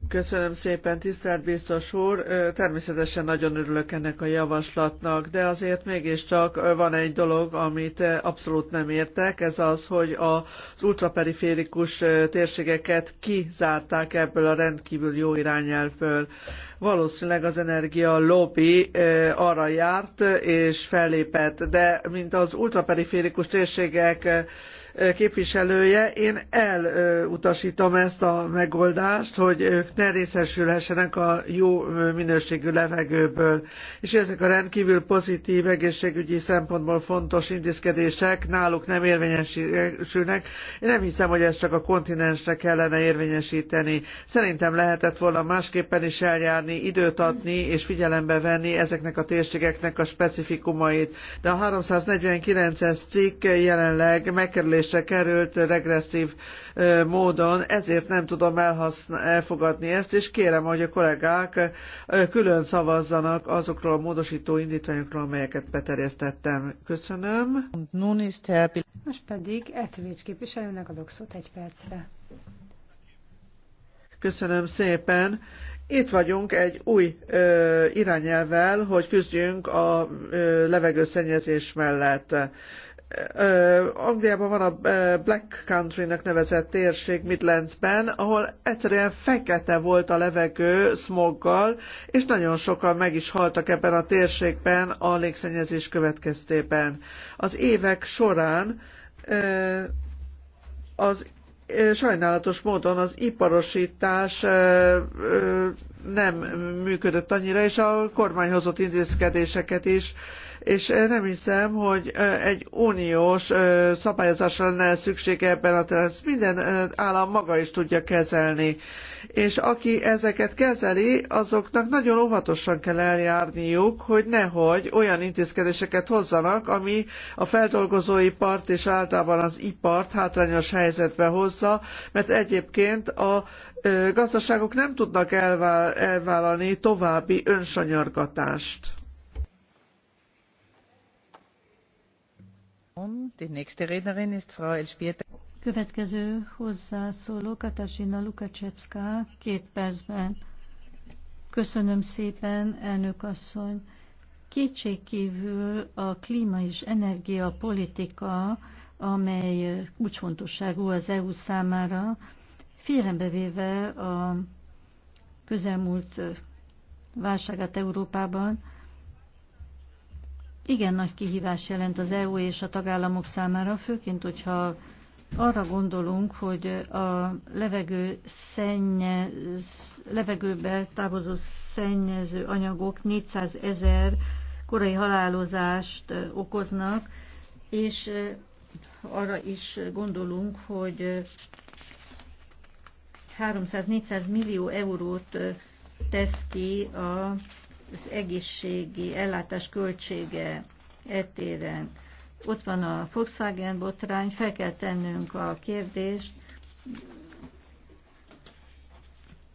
Köszönöm szépen, tisztelt biztos úr. Természetesen nagyon örülök ennek a javaslatnak, de azért mégiscsak van egy dolog, amit abszolút nem értek, ez az, hogy az ultraperiférikus térségeket kizárták ebből a rendkívül jó irányelvből. Valószínűleg az energia lobby arra járt és fellépett, de mint az ultraperiférikus térségek képviselője, én elutasítom ezt a megoldást, hogy ők ne részesülhessenek a jó minőségű levegőből. És ezek a rendkívül pozitív egészségügyi szempontból fontos intézkedések náluk nem érvényesülnek. Én nem hiszem, hogy ezt csak a kontinensre kellene érvényesíteni. Szerintem lehetett volna másképpen is eljárni, időt adni és figyelembe venni ezeknek a térségeknek a specifikumait. De a 349-es cikk jelenleg megkerülési törlésre került regresszív módon, ezért nem tudom elfogadni ezt, és kérem, hogy a kollégák külön szavazzanak azokról a módosító indítványokról, amelyeket beterjesztettem. Köszönöm. Most pedig Etvics képviselőnek adok szót egy percre. Köszönöm szépen. Itt vagyunk egy új ö, irányelvel, hogy küzdjünk a ö, levegőszennyezés mellett. Angliában van a Black Country-nek nevezett térség Midlandsben, ahol egyszerűen fekete volt a levegő smoggal, és nagyon sokan meg is haltak ebben a térségben a légszennyezés következtében. Az évek során az sajnálatos módon az iparosítás nem működött annyira, és a kormány hozott intézkedéseket is, és nem hiszem, hogy egy uniós szabályozásra lenne szükség ebben a területen. Ezt minden állam maga is tudja kezelni. És aki ezeket kezeli, azoknak nagyon óvatosan kell eljárniuk, hogy nehogy olyan intézkedéseket hozzanak, ami a feldolgozóipart és általában az ipart hátrányos helyzetbe hozza, mert egyébként a gazdaságok nem tudnak elvállalni további önsanyargatást. Következő hozzászóló Katarzyna Lukacsevská két percben. Köszönöm szépen, elnök asszony. Kétségkívül a klíma és energiapolitika, amely kulcsfontosságú az EU számára, figyelembe véve a közelmúlt válságát Európában, igen nagy kihívás jelent az EU és a tagállamok számára, főként, hogyha arra gondolunk, hogy a levegő szennyez, levegőbe távozó szennyező anyagok 400 ezer korai halálozást okoznak, és arra is gondolunk, hogy 300-400 millió eurót tesz ki az egészségi ellátás költsége etéren. Ott van a Volkswagen botrány, fel kell tennünk a kérdést,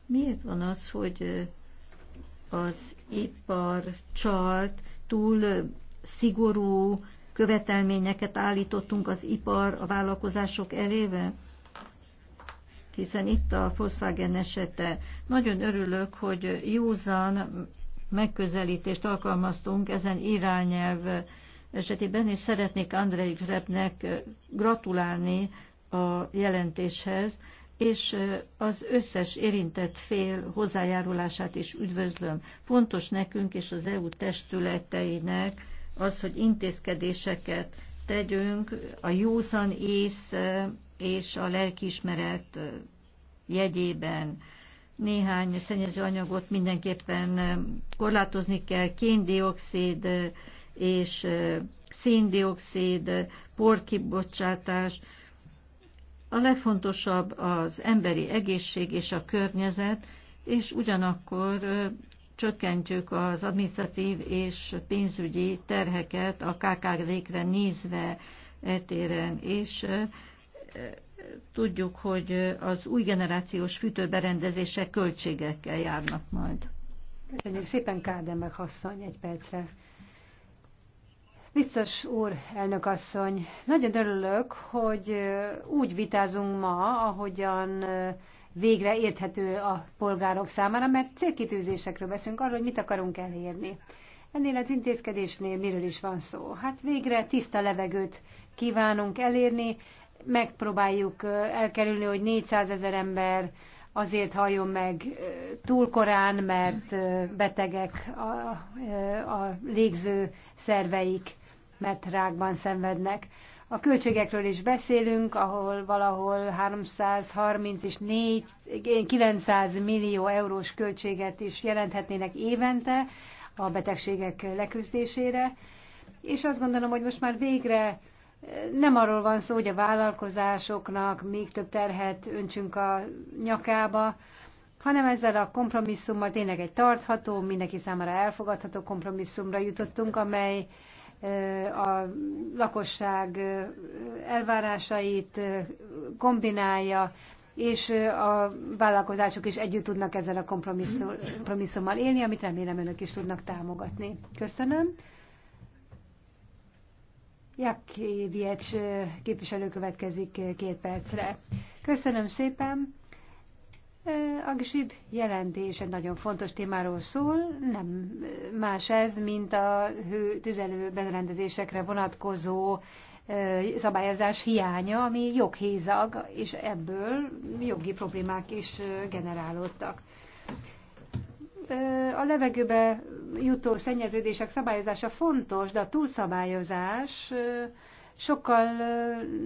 miért van az, hogy az ipar csalt, túl szigorú követelményeket állítottunk az ipar, a vállalkozások elébe? hiszen itt a Volkswagen esete. Nagyon örülök, hogy józan megközelítést alkalmaztunk ezen irányelv esetében, és szeretnék Andrei Grebnek gratulálni a jelentéshez, és az összes érintett fél hozzájárulását is üdvözlöm. Fontos nekünk és az EU testületeinek az, hogy intézkedéseket tegyünk a józan ész és a lelkiismeret jegyében néhány szennyező anyagot mindenképpen korlátozni kell, kéndioxid és széndioxid, porkibocsátás. A legfontosabb az emberi egészség és a környezet, és ugyanakkor csökkentjük az administratív és pénzügyi terheket a KKV-kre nézve etéren, és tudjuk, hogy az új generációs fűtőberendezések költségekkel járnak majd. Köszönjük szépen, Kádem meg Hasszony, egy percre. Biztos úr, elnök asszony, nagyon örülök, hogy úgy vitázunk ma, ahogyan végre érthető a polgárok számára, mert célkitűzésekről beszünk arról, hogy mit akarunk elérni. Ennél az intézkedésnél miről is van szó? Hát végre tiszta levegőt kívánunk elérni, megpróbáljuk elkerülni, hogy 400 ezer ember azért halljon meg túl korán, mert betegek a, a légző szerveik, mert rákban szenvednek. A költségekről is beszélünk, ahol valahol 330 és 4, 900 millió eurós költséget is jelenthetnének évente a betegségek leküzdésére. És azt gondolom, hogy most már végre nem arról van szó, hogy a vállalkozásoknak még több terhet öntsünk a nyakába, hanem ezzel a kompromisszummal tényleg egy tartható, mindenki számára elfogadható kompromisszumra jutottunk, amely a lakosság elvárásait kombinálja, és a vállalkozások is együtt tudnak ezzel a kompromisszummal élni, amit remélem önök is tudnak támogatni. Köszönöm. Viecs képviselő következik két percre. Köszönöm szépen. A GSIB jelentés egy nagyon fontos témáról szól, nem más ez, mint a tüzelő berendezésekre vonatkozó szabályozás hiánya, ami joghézag, és ebből jogi problémák is generálódtak a levegőbe jutó szennyeződések szabályozása fontos, de a túlszabályozás sokkal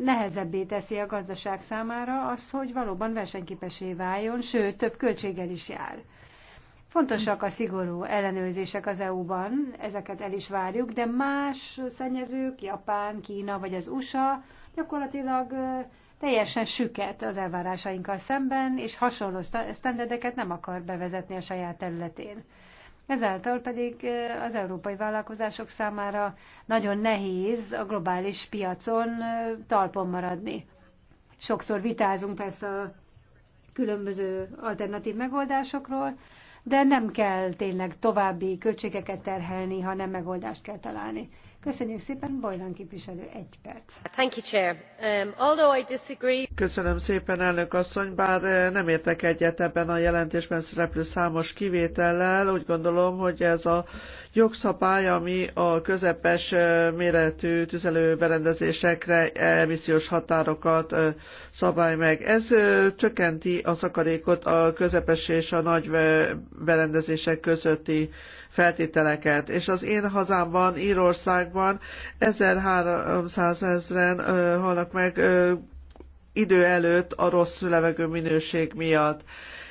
nehezebbé teszi a gazdaság számára az, hogy valóban versenyképesé váljon, sőt, több költséggel is jár. Fontosak a szigorú ellenőrzések az EU-ban, ezeket el is várjuk, de más szennyezők, Japán, Kína vagy az USA gyakorlatilag teljesen süket az elvárásainkkal szemben, és hasonló sztenderdeket nem akar bevezetni a saját területén. Ezáltal pedig az európai vállalkozások számára nagyon nehéz a globális piacon talpon maradni. Sokszor vitázunk persze a különböző alternatív megoldásokról, de nem kell tényleg további költségeket terhelni, hanem megoldást kell találni. Köszönjük szépen, Bajlán képviselő, egy perc. Thank you, Chair. Um, although I disagree... Köszönöm szépen, elnök asszony, bár eh, nem értek egyet ebben a jelentésben szereplő számos kivétellel, úgy gondolom, hogy ez a jogszabály, ami a közepes eh, méretű tüzelőberendezésekre emissziós határokat eh, szabály meg. Ez csökkenti a szakadékot a közepes és a nagy berendezések közötti feltételeket. És az én hazámban, Írországban 1300 ezeren halnak meg idő előtt a rossz levegő minőség miatt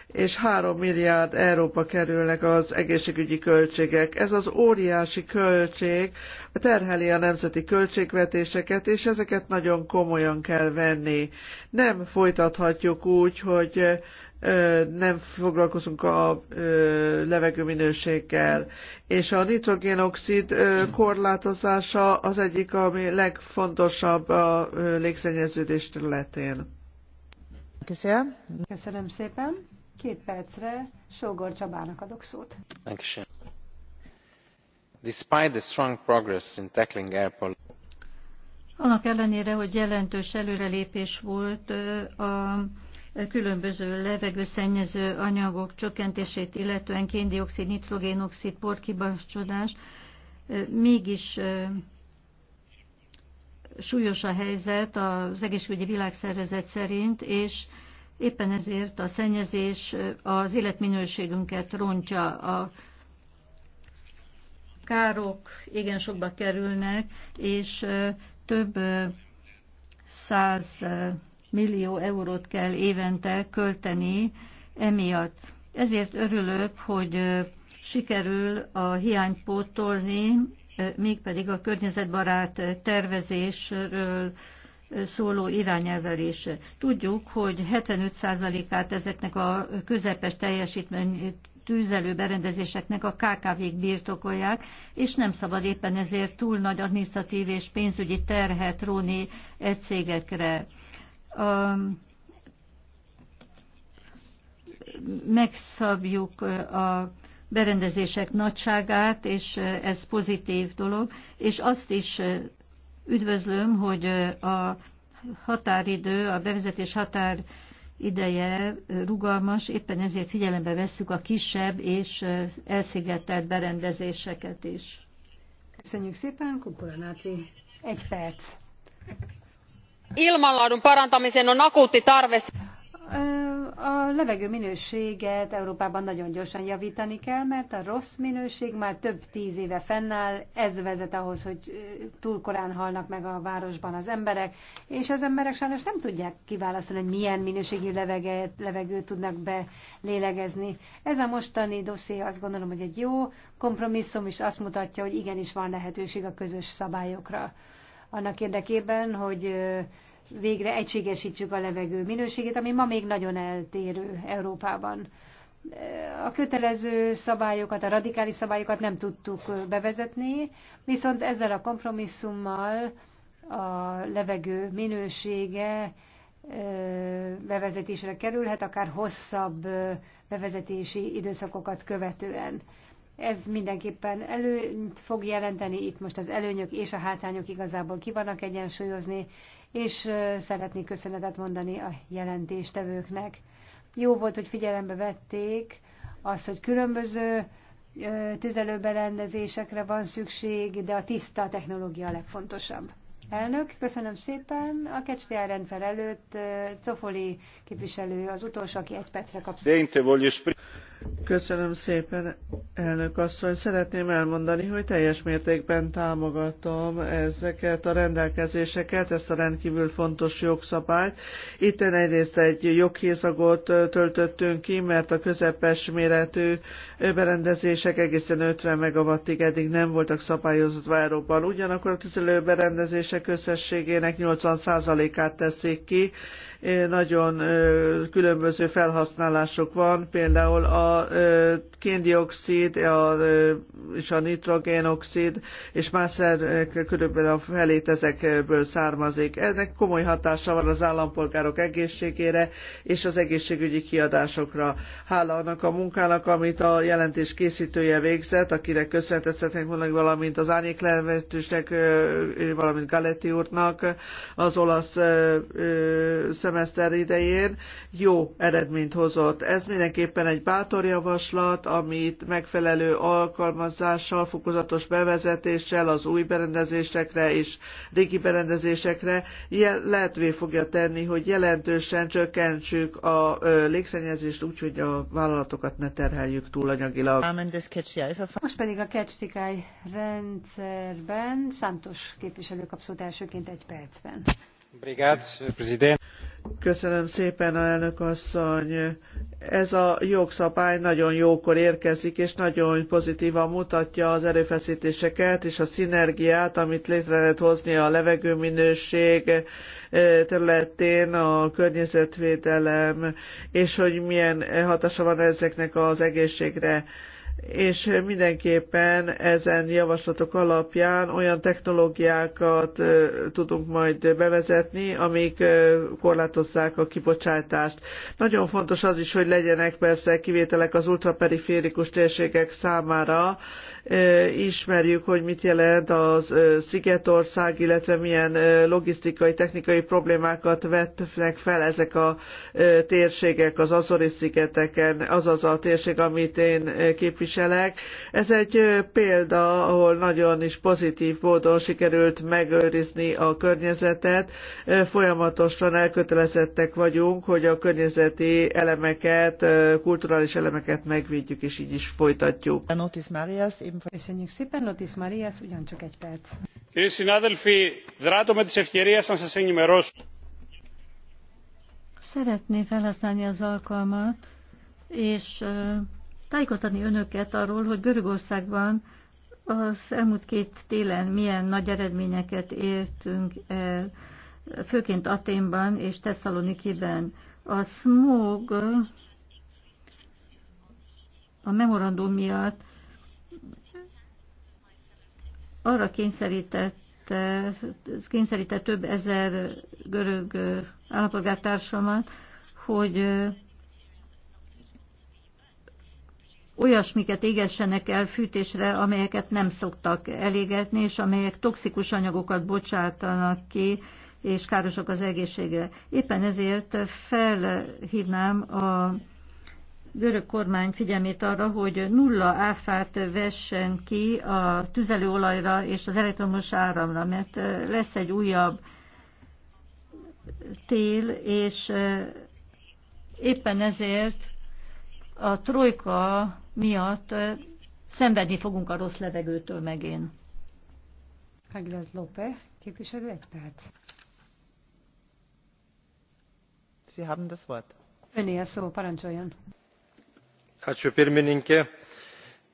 és 3 milliárd euróba kerülnek az egészségügyi költségek. Ez az óriási költség terheli a nemzeti költségvetéseket, és ezeket nagyon komolyan kell venni. Nem folytathatjuk úgy, hogy nem foglalkozunk a levegőminőséggel. És a nitrogénoxid korlátozása az egyik, ami legfontosabb a légszennyeződés területén. Köszönöm. Köszönöm szépen. Két percre Sógor Csabának adok szót. Köszönöm. Despite the strong progress in tackling air pollution, annak ellenére, hogy jelentős előrelépés volt a különböző levegőszennyező anyagok csökkentését, illetően kéndioxid, nitrogénoxid, porkibacsodás, mégis súlyos a helyzet az egészségügyi világszervezet szerint, és éppen ezért a szennyezés az életminőségünket rontja a károk igen sokba kerülnek, és több száz millió eurót kell évente költeni emiatt. Ezért örülök, hogy sikerül a hiányt pótolni, mégpedig a környezetbarát tervezésről szóló irányelvel is. Tudjuk, hogy 75%-át ezeknek a közepes teljesítmény tűzelő berendezéseknek a KKV-k birtokolják, és nem szabad éppen ezért túl nagy adminisztratív és pénzügyi terhet róni egy cégekre a, megszabjuk a berendezések nagyságát, és ez pozitív dolog, és azt is üdvözlöm, hogy a határidő, a bevezetés határ ideje rugalmas, éppen ezért figyelembe vesszük a kisebb és elszigetelt berendezéseket is. Köszönjük szépen, Kukoranátri. Egy perc ilmanlaadun parantamiseen on akuutti tarve. A levegő minőséget Európában nagyon gyorsan javítani kell, mert a rossz minőség már több tíz éve fennáll, ez vezet ahhoz, hogy túl korán halnak meg a városban az emberek, és az emberek sajnos nem tudják kiválasztani, hogy milyen minőségű levegőt, levegőt tudnak belélegezni. Ez a mostani dosszé azt gondolom, hogy egy jó kompromisszum, és azt mutatja, hogy igenis van lehetőség a közös szabályokra annak érdekében, hogy végre egységesítsük a levegő minőségét, ami ma még nagyon eltérő Európában. A kötelező szabályokat, a radikális szabályokat nem tudtuk bevezetni, viszont ezzel a kompromisszummal a levegő minősége bevezetésre kerülhet, akár hosszabb bevezetési időszakokat követően. Ez mindenképpen elő fog jelenteni, itt most az előnyök és a hátrányok igazából ki vannak egyensúlyozni, és szeretnék köszönetet mondani a jelentéstevőknek. Jó volt, hogy figyelembe vették az, hogy különböző tüzelőberendezésekre van szükség, de a tiszta technológia a legfontosabb. Elnök, köszönöm szépen. A kecsdiá rendszer előtt Cofoli képviselő az utolsó, aki egy percre kap. Köszönöm szépen, elnök asszony. Szeretném elmondani, hogy teljes mértékben támogatom ezeket a rendelkezéseket, ezt a rendkívül fontos jogszabályt. Itt egyrészt egy joghézagot töltöttünk ki, mert a közepes méretű berendezések egészen 50 megawattig eddig nem voltak szabályozott váróban. Ugyanakkor a tüzelőberendezések összességének 80%-át teszik ki, nagyon különböző felhasználások van, például a kéndioxid és a nitrogénoxid és más szerek körülbelül a felét ezekből származik. Ennek komoly hatása van az állampolgárok egészségére és az egészségügyi kiadásokra. Hála annak a munkának, amit a jelentés készítője végzett, akinek köszönetet szeretnénk mondani, valamint az Árnyék Levetősnek, valamint Galetti úrnak, az olasz szemeszter idején jó eredményt hozott. Ez mindenképpen egy bátor javaslat, amit megfelelő alkalmazással, fokozatos bevezetéssel az új berendezésekre és régi berendezésekre lehetővé fogja tenni, hogy jelentősen csökkentsük a légszennyezést úgy, hogy a vállalatokat ne terheljük túl anyagilag. Most pedig a kecsdikáj rendszerben Santos képviselő kap elsőként egy percben. Köszönöm szépen, a elnök asszony. Ez a jogszabály nagyon jókor érkezik, és nagyon pozitívan mutatja az erőfeszítéseket és a szinergiát, amit létre lehet hozni a levegőminőség eh, területén, a környezetvédelem, és hogy milyen hatása van ezeknek az egészségre és mindenképpen ezen javaslatok alapján olyan technológiákat tudunk majd bevezetni, amik korlátozzák a kibocsátást. Nagyon fontos az is, hogy legyenek persze kivételek az ultraperiférikus térségek számára, ismerjük, hogy mit jelent az Szigetország, illetve milyen logisztikai, technikai problémákat vetnek fel ezek a térségek az Azori szigeteken, azaz a térség, amit én képviselek. Ez egy példa, ahol nagyon is pozitív módon sikerült megőrizni a környezetet. Folyamatosan elkötelezettek vagyunk, hogy a környezeti elemeket, kulturális elemeket megvédjük, és így is folytatjuk. Notis Marias, Köszönjük szépen, Notis Marias, ugyancsak egy perc. Κύριοι συνάδελφοι, δράτω με τις ευκαιρίες να σας ενημερώσω. Szeretném felhasználni az alkalmat, és tájékoztatni önöket arról, hogy Görögországban az elmúlt két télen milyen nagy eredményeket értünk el, főként Aténban és Tesszalonikiben. A smog a memorandum miatt arra kényszerített, kényszerített több ezer görög állampolgártársamat, hogy olyasmiket égessenek el fűtésre, amelyeket nem szoktak elégetni, és amelyek toxikus anyagokat bocsátanak ki, és károsak az egészségre. Éppen ezért felhívnám a görög kormány figyelmét arra, hogy nulla áfát vessen ki a tüzelőolajra és az elektromos áramra, mert lesz egy újabb tél, és éppen ezért a trojka miatt szenvedni fogunk a rossz levegőtől megén. Aguilar Lope képviselő egy perc. Sie haben das Wort. Öné a szó, parancsoljon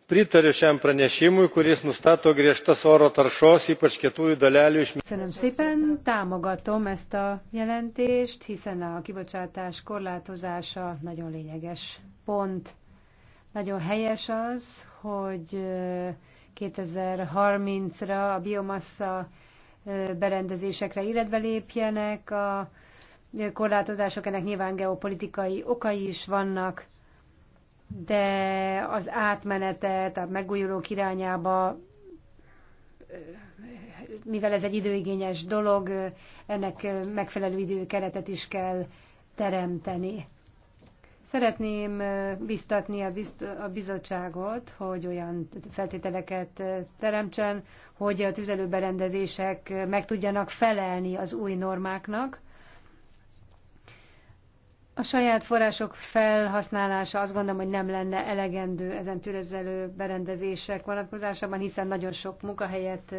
pritariu šiam pranešimui kuris nustato griežtas oro taršos ypač kietųjų dalelių Köszönöm a kibocsátás korlátozása nagyon lényeges pont. Nagyon helyes az, hogy 2030-ra a biomassa berendezésekre életbe lépjenek a korlátozások, ennek nyilván geopolitikai okai is vannak de az átmenetet a megújulók irányába, mivel ez egy időigényes dolog, ennek megfelelő időkeretet is kell teremteni. Szeretném biztatni a, bizt- a bizottságot, hogy olyan feltételeket teremtsen, hogy a tüzelőberendezések meg tudjanak felelni az új normáknak, a saját források felhasználása azt gondolom, hogy nem lenne elegendő ezen tülezelő berendezések vonatkozásában, hiszen nagyon sok munkahelyet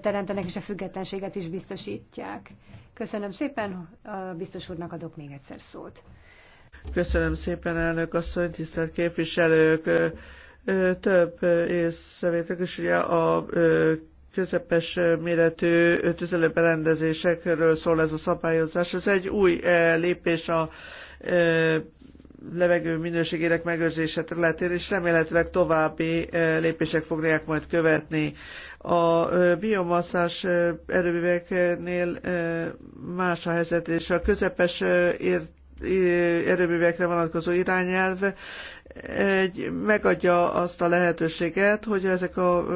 teremtenek, és a függetlenséget is biztosítják. Köszönöm szépen, a biztos úrnak adok még egyszer szót. Köszönöm szépen, elnök asszony, tisztelt képviselők! Több észrevétek is ugye a közepes méretű tüzelőberendezésekről szól ez a szabályozás. Ez egy új lépés a levegő minőségének megőrzése területén, és remélhetőleg további lépések fogják majd követni. A biomasszás erőműveknél más a helyzet, és a közepes ért erőművekre vonatkozó irányelv megadja azt a lehetőséget, hogy ezek a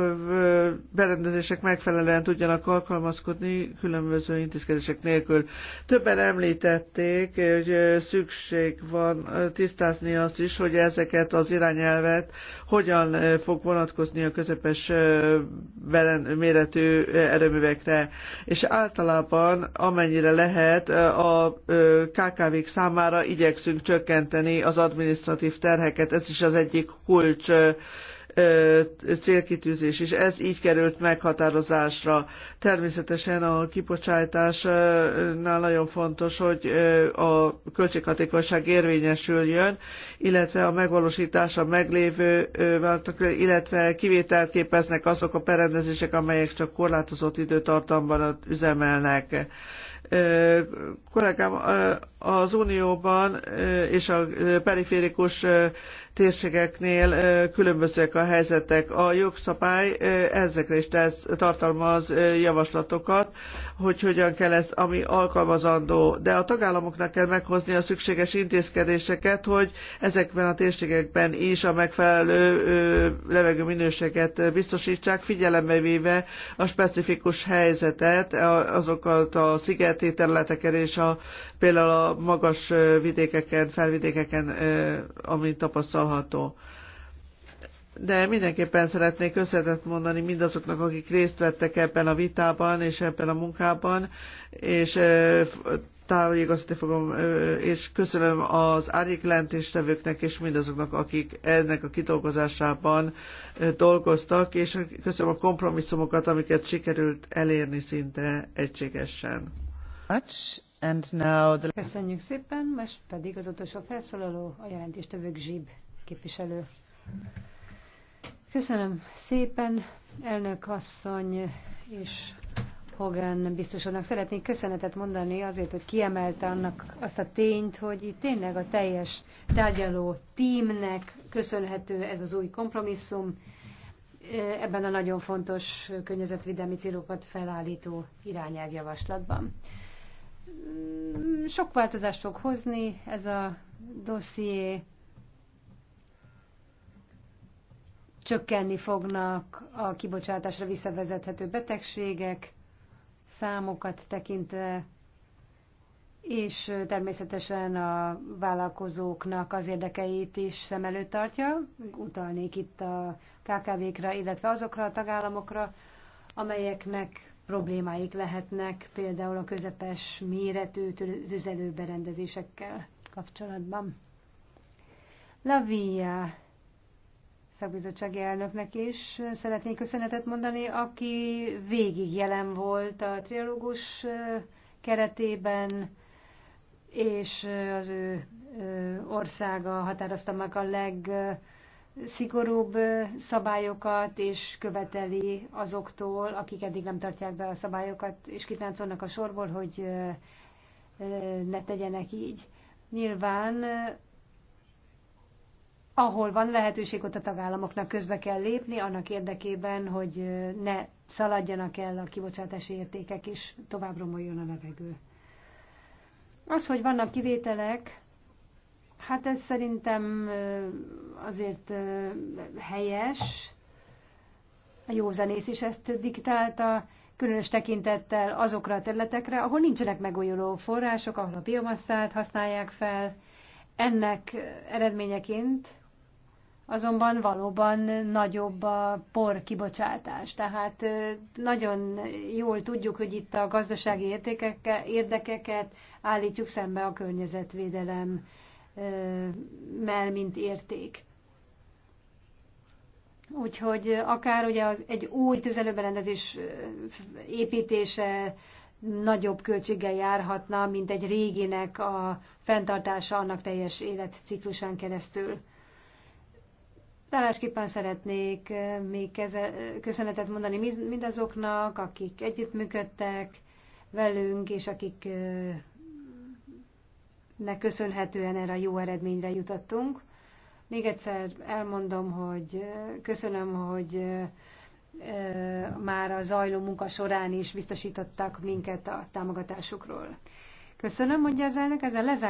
berendezések megfelelően tudjanak alkalmazkodni különböző intézkedések nélkül. Többen említették, hogy szükség van tisztázni azt is, hogy ezeket az irányelvet hogyan fog vonatkozni a közepes méretű erőművekre. És általában, amennyire lehet, a KKV-k számára igyekszünk csökkenteni az adminisztratív terheket, embereket. Ez is az egyik kulcs célkitűzés, és ez így került meghatározásra. Természetesen a kipocsájtásnál nagyon fontos, hogy a költséghatékonyság érvényesüljön, illetve a megvalósítása meglévő, illetve kivételt képeznek azok a perendezések, amelyek csak korlátozott időtartamban üzemelnek kollégám az Unióban és a periférikus térségeknél különbözőek a helyzetek. A jogszabály ezekre is tesz, tartalmaz javaslatokat, hogy hogyan kell ez, ami alkalmazandó. De a tagállamoknak kell meghozni a szükséges intézkedéseket, hogy ezekben a térségekben is a megfelelő levegőminőséget biztosítsák, figyelembe véve a specifikus helyzetet, azokat a szigeti területeken és a, például a magas vidékeken, felvidékeken, amit tapasztal tapasztalható. De mindenképpen szeretnék összetett mondani mindazoknak, akik részt vettek ebben a vitában és ebben a munkában, és távolítani fogom, és köszönöm az lentéstevőknek, és mindazoknak, akik ennek a kidolgozásában dolgoztak, és köszönöm a kompromisszumokat, amiket sikerült elérni szinte egységesen. Köszönjük szépen, most pedig az utolsó felszólaló a jelentéstevők Zsib képviselő. Köszönöm szépen, elnök asszony és Hogan biztos Szeretnék köszönetet mondani azért, hogy kiemelte annak azt a tényt, hogy itt tényleg a teljes tárgyaló tímnek köszönhető ez az új kompromisszum, e, ebben a nagyon fontos környezetvédelmi célokat felállító irányelvjavaslatban. Mm, sok változást fog hozni ez a dosszié, csökkenni fognak a kibocsátásra visszavezethető betegségek számokat tekintve, és természetesen a vállalkozóknak az érdekeit is szem előtt tartja. Utalnék itt a KKV-kra, illetve azokra a tagállamokra, amelyeknek problémáik lehetnek például a közepes méretű tüzelőberendezésekkel kapcsolatban. Via szakbizottsági elnöknek is szeretnék köszönetet mondani, aki végig jelen volt a triológus keretében, és az ő országa határozta meg a legszigorúbb szabályokat, és követeli azoktól, akik eddig nem tartják be a szabályokat, és kitáncolnak a sorból, hogy ne tegyenek így. Nyilván ahol van lehetőség, ott a tagállamoknak közbe kell lépni, annak érdekében, hogy ne szaladjanak el a kibocsátási értékek, és tovább romoljon a levegő. Az, hogy vannak kivételek, hát ez szerintem azért helyes. A józanész is ezt diktálta, különös tekintettel azokra a területekre, ahol nincsenek megújuló források, ahol a biomasszát használják fel. Ennek eredményeként azonban valóban nagyobb a por kibocsátás. Tehát nagyon jól tudjuk, hogy itt a gazdasági értékekkel, érdekeket állítjuk szembe a környezetvédelem mint érték. Úgyhogy akár ugye az, egy új tüzelőberendezés építése nagyobb költséggel járhatna, mint egy réginek a fenntartása annak teljes életciklusán keresztül. Zárásképpen szeretnék még keze, köszönetet mondani mindazoknak, akik együttműködtek velünk, és akiknek köszönhetően erre a jó eredményre jutottunk. Még egyszer elmondom, hogy köszönöm, hogy már a zajló munka során is biztosítottak minket a támogatásukról. Köszönöm, mondja az elnök, ezzel lezárjuk.